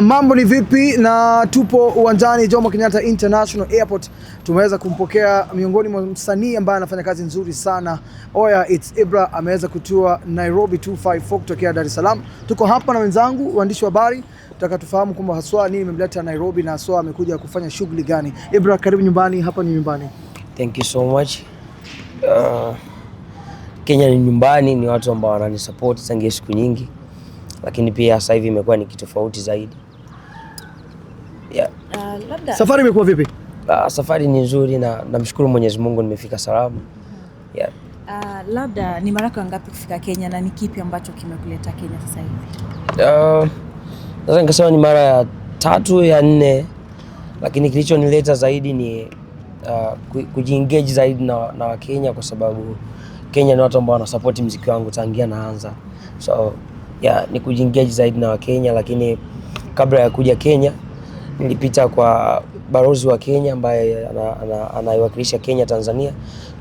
Mambo ni vipi? Na tupo uwanjani Jomo Kenyatta International Airport. Tumeweza kumpokea miongoni mwa msanii ambaye anafanya kazi nzuri sana Oya It's Ibra, ameweza kutua Nairobi 254 kutokea Dar es Salaam. Tuko hapa na wenzangu waandishi wa habari, tutaka tufahamu kwamba haswa nini imemleta Nairobi na haswa amekuja kufanya shughuli gani. Ibra, karibu nyumbani. Hapa ni nyumbani. Thank you so much. Uh... Kenya ni nyumbani, ni watu ambao wananisapoti tangia siku nyingi, lakini pia sasa hivi imekuwa ni kitofauti zaidi yeah. Uh, labda. safari imekuwa vipi? Uh, safari ni nzuri na namshukuru Mwenyezi Mungu nimefika salama yeah. Uh, labda ni mara ngapi kufika Kenya na ni kipi ambacho kimekuleta Kenya sasa hivi? Sasa uh, nikasema ni mara ya tatu ya nne, lakini kilichonileta zaidi ni uh, kujiengage zaidi na, na Wakenya kwa sababu Kenya ni watu ambao wanasapoti mziki wangu tangia naanza, so yeah, ni kujiingia zaidi na Wakenya. Lakini kabla ya kuja Kenya nilipita kwa balozi wa Kenya ambaye anaiwakilisha ana, ana Kenya Tanzania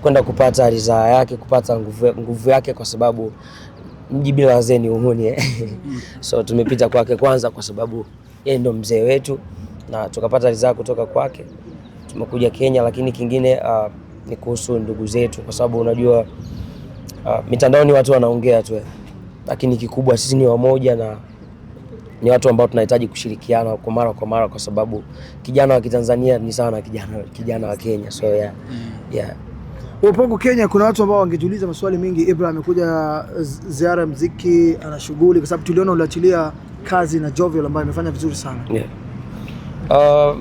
kwenda kupata ridhaa yake, kupata nguvu, nguvu yake kwa sababu mji bila wazee ni uhuni eh. so tumepita kwake kwanza kwa sababu yeye ndo mzee wetu na tukapata ridhaa kutoka kwake, tumekuja Kenya. Lakini kingine uh, ni kuhusu ndugu zetu kwa sababu unajua Uh, mitandaoni watu wanaongea tu, eh. lakini kikubwa sisi ni wamoja na ni watu ambao tunahitaji kushirikiana kwa mara kwa mara, kwa sababu kijana wa Kitanzania ni sawa na kijana, kijana wa Kenya so yeah, mm. yeah. Huko Kenya kuna watu ambao wangejiuliza maswali mengi. Ibrah amekuja ziara mziki, ana shughuli, kwa sababu tuliona uliachilia kazi na Jovial ambayo amefanya vizuri sana yeah. Uh,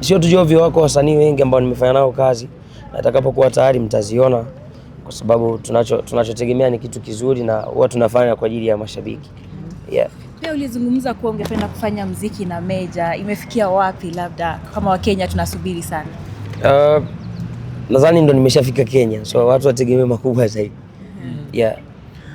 sio tu Jovial, wako wasanii wengi ambao nimefanya nao kazi, na itakapokuwa tayari mtaziona kwa sababu tunacho tunachotegemea ni kitu kizuri na huwa tunafanya kwa ajili ya mashabiki mm-hmm. yeah. Pia ulizungumza kuwa ungependa kufanya mziki na Meja, imefikia wapi? Labda kama Wakenya tunasubiri sana. Uh, nadhani ndo nimeshafika Kenya, so watu wategemee makubwa zaidi. mm -hmm. yeah.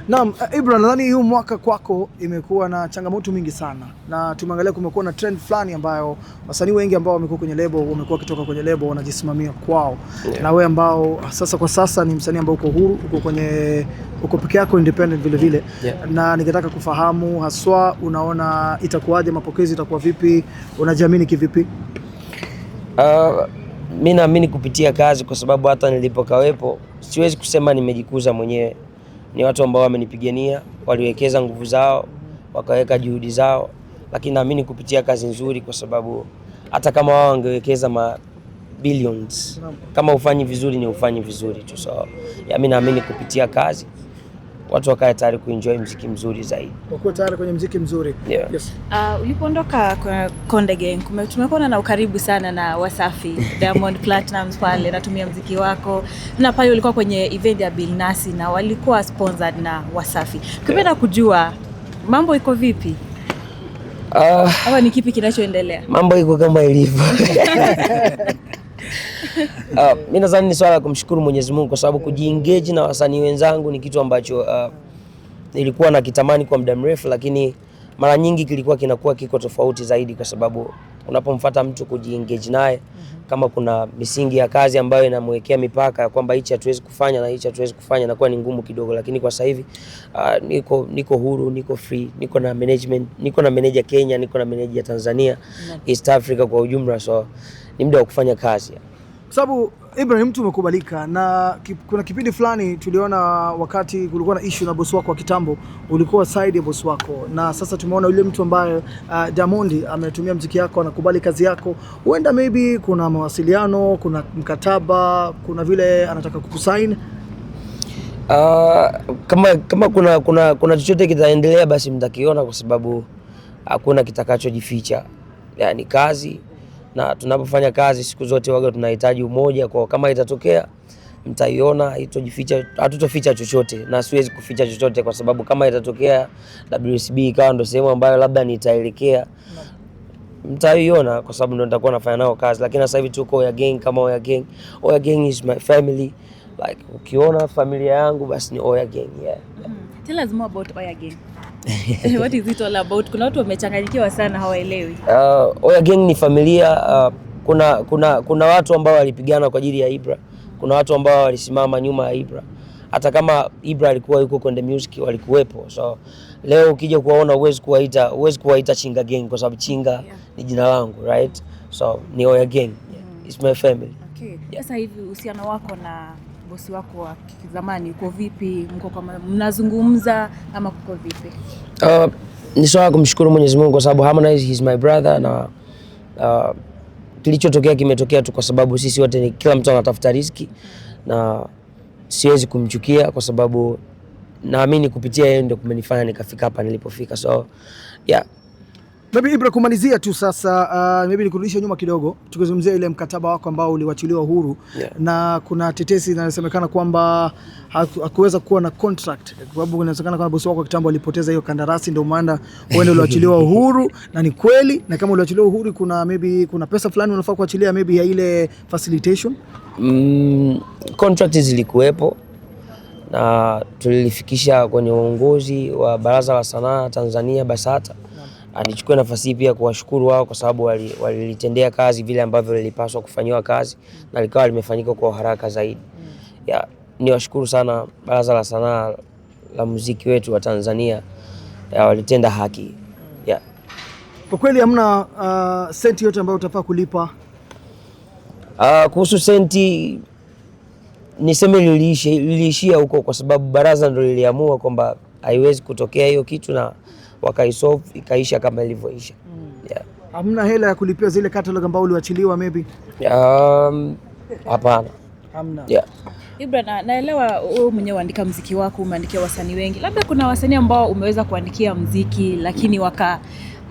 Naam, eh, Ibra, nadhani huu mwaka kwako imekuwa na changamoto mingi sana, na tumeangalia kumekuwa na trend fulani ambayo wasanii wengi ambao wamekuwa kwenye lebo wamekuwa wakitoka kwenye lebo wanajisimamia kwao, yeah. Na wewe ambao sasa kwa sasa ni msanii ambao uko huru, uko kwenye uko peke yako independent vile vile, yeah. Na ningetaka kufahamu haswa, unaona itakuwaje, mapokezi itakuwa vipi, unajiamini kivipi? Uh, mi naamini kupitia kazi, kwa sababu hata nilipokawepo siwezi kusema nimejikuza mwenyewe ni watu ambao wamenipigania, waliwekeza nguvu zao, wakaweka juhudi zao, lakini naamini kupitia kazi nzuri, kwa sababu hata kama wao wangewekeza ma billions, kama ufanyi vizuri ni ufanyi vizuri tu. So mimi naamini kupitia kazi watu wakae tayari kuenjoy mziki mzuri zaidi, wakuwa tayari kwenye mziki mzuri yeah. Yes. Uh, ulipoondoka Konde Gang tumekuona na ukaribu sana na Wasafi Diamond Platnumz pale natumia mziki wako, na pale ulikuwa kwenye event ya Bilnasi na walikuwa sponsored na Wasafi. Tungependa yeah. kujua mambo iko vipi? Uh, ni kipi kinachoendelea? Mambo iko kama ilivyo Uh, ah, mi nadhani ni swala la kumshukuru Mwenyezi Mungu kwa sababu kujiengage na wasanii wenzangu ni kitu ambacho uh, nilikuwa nakitamani kwa muda mrefu, lakini mara nyingi kilikuwa kinakuwa kiko tofauti zaidi, kwa sababu unapomfuata mtu kujiengage naye kama kuna misingi ya kazi ambayo inamwekea mipaka ya kwamba hichi hatuwezi kufanya na hichi hatuwezi kufanya, nakuwa ni ngumu kidogo. Lakini kwa sasa hivi uh, niko niko huru, niko free, niko na management, niko na manager Kenya, niko na manager Tanzania, East Africa kwa ujumla so ni muda wa kufanya kazi, kwa sababu Ibrahim, umekubalika na kip, kuna kipindi fulani tuliona wakati kulikuwa na issue na bosi wako wa kitambo, ulikuwa side ya bosi wako, na sasa tumeona yule mtu ambaye uh, Diamond ametumia mziki yako, anakubali kazi yako. Huenda maybe kuna mawasiliano, kuna mkataba, kuna vile anataka kukusign. Uh, kama, kama kuna, kuna, kuna chochote kitaendelea basi mtakiona, kwa sababu hakuna kitakachojificha, yani kazi na tunapofanya kazi siku zote waga tunahitaji umoja, kwa kama itatokea mtaiona, itojificha hatutoficha chochote, na siwezi kuficha chochote kwa sababu kama itatokea WCB ikawa ndo sehemu ambayo labda nitaelekea mtaiona kwa sababu ndo nitakuwa nafanya nao kazi, lakini sasa hivi tuko Oya Gang kama Oya Gang. Oya Gang is my family like, ukiona familia yangu basi ni Oya Gang yeah. mm. Tell us more about Oya Gang. What is it all about? Kuna watu wamechanganyikiwa sana hawaelewi. Uh, Oya Gang ni familia uh, kuna, kuna, kuna watu ambao walipigana kwa ajili ya Ibra, kuna watu ambao walisimama nyuma ya Ibra hata kama Ibra alikuwa yuko kwenye music walikuwepo. So leo ukija kuwaona uwezi kuwaita uwezi kuwaita Chinga Gang kwa sababu Chinga yeah. ni jina langu right? So ni Oya Gang. Yeah. Mm. It's my family. Okay. Sasa yeah. hivi uhusiano wako na bosi wako wa zamani uko vipi? Mko kama mnazungumza ama kuko vipi? Uh, ni swala kumshukuru Mwenyezi Mungu kwa sababu Harmonize is my brother na uh, kilichotokea kimetokea tu kwa sababu sisi wote ni kila mtu anatafuta riziki na siwezi kumchukia kwa sababu naamini kupitia yeye ndio kumenifanya nikafika hapa nilipofika, so yeah. Maybe Ibra, kumalizia tu sasa, uh, maybe nikurudishe nyuma kidogo, tukizungumzia ile mkataba wako ambao uliwachiliwa huru yeah. na kuna tetesi inasemekana kwamba hakuweza kuwa na contract kwa sababu inasemekana kwamba bosi wako kitambo alipoteza hiyo kandarasi, ndio maana wewe uliwachiliwa huru, na ni kweli? Na kama uliwachiliwa huru, kuna maybe kuna pesa fulani unafaa kuachilia maybe ya ile facilitation? Mm, contract zilikuwepo na tulilifikisha kwenye uongozi wa Baraza la Sanaa Tanzania BASATA Nichukue nafasi hii pia kuwashukuru wao kwa sababu walilitendea wali kazi vile ambavyo lilipaswa kufanyiwa kazi na likawa limefanyika kwa haraka zaidi. Mm. Ya, niwashukuru sana Baraza la Sanaa la Muziki wetu wa Tanzania ya, walitenda haki mm. ya. Kwa kweli hamna uh, senti yote ambayo utafaa kulipa uh, kuhusu senti niseme liliishia huko, kwa sababu baraza ndo liliamua kwamba haiwezi kutokea hiyo kitu na wakaisolve ikaisha kama ilivyoisha. mm. yeah. hela ya kulipia zile catalog ambao uliwachiliwa maybe? Um, hapana. Hamna. Yeah. Ibra, na, naelewa wewe mwenyewe uandika mziki wako, umeandikia wasanii wengi. Labda kuna wasanii ambao umeweza kuandikia mziki lakini waka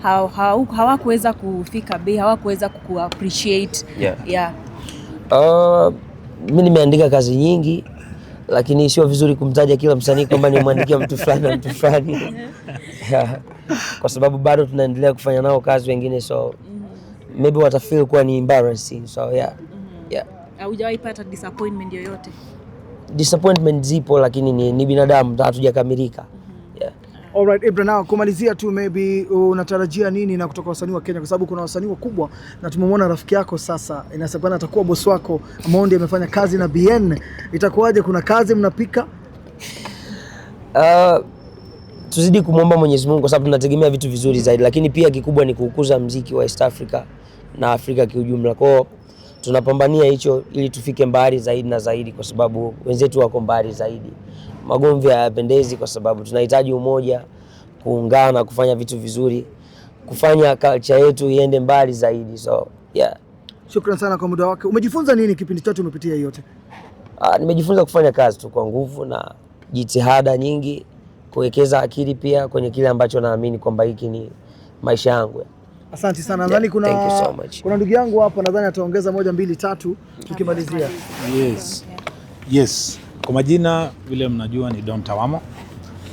hawakuweza hawa kufika bei, hawakuweza ku appreciate. Yeah. Yeah. Uh, mimi nimeandika kazi nyingi lakini sio vizuri kumtaja kila msanii kwamba nimwandikia mtu fulani na mtu fulani kwa sababu bado tunaendelea kufanya nao kazi wengine, so mhm. maybe watafeel kuwa ni embarrassing, so yeah. Mhm. Yeah. Haujawahi pata disappointment yoyote? Disappointment zipo, lakini ni, ni binadamu, hatujakamilika Alright, Ibra, na kumalizia tu, maybe uh, unatarajia nini na kutoka wasanii wa Kenya, kwa sababu kuna wasanii wakubwa na tumemwona rafiki yako sasa, inasemekana atakuwa bosi wako. Mondi amefanya kazi na BN, itakuwaje? Kuna kazi mnapika? Uh, tuzidi kumwomba Mwenyezi Mungu kwa sababu tunategemea vitu vizuri zaidi, lakini pia kikubwa ni kukuza mziki wa East Africa na Afrika kiujumla kwao tunapambania hicho ili tufike mbali zaidi na zaidi, kwa sababu wenzetu wako mbali zaidi. Magomvi hayapendezi, kwa sababu tunahitaji umoja, kuungana, kufanya vitu vizuri, kufanya culture yetu iende mbali zaidi. So yeah, shukrani sana kwa muda wako. Umejifunza nini kipindi chote umepitia yote? Ah, nimejifunza kufanya kazi tu kwa nguvu na jitihada nyingi, kuwekeza akili pia kwenye kile ambacho naamini kwamba hiki ni maisha yangu. Asante sana. Nadhani kuna so kuna ndugu yangu hapa nadhani ataongeza moja mbili tatu tukimalizia. Yes. Yes. Kwa majina vile mnajua ni Don Tawamo.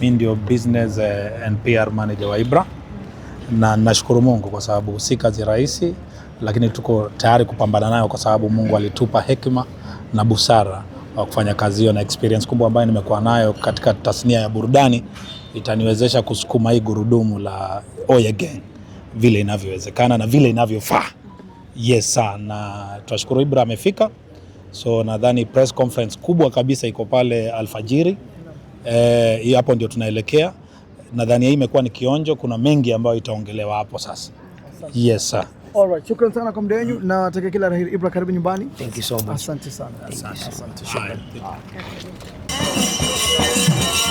Mimi ndio business eh, and PR manager wa Ibra na nashukuru Mungu kwa sababu si kazi rahisi, lakini tuko tayari kupambana nayo kwa sababu Mungu alitupa hekima na busara wa kufanya kazi hiyo, na experience kubwa ambayo nimekuwa nayo katika tasnia ya burudani itaniwezesha kusukuma hii gurudumu la Oyege vile inavyowezekana na vile inavyofaa. Yes sir, na tunashukuru Ibra amefika, so nadhani press conference kubwa kabisa iko pale alfajiri eh, hapo. E, ndio tunaelekea. Nadhani hii imekuwa ni kionjo, kuna mengi ambayo itaongelewa hapo sasa. Yes sir. right. shukrani sana kwa muda wenu na natakia kila la heri Ibra, karibu nyumbani. Thank you so much. Asante sana. Asante. Asante. Asante. Asante.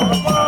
Bye.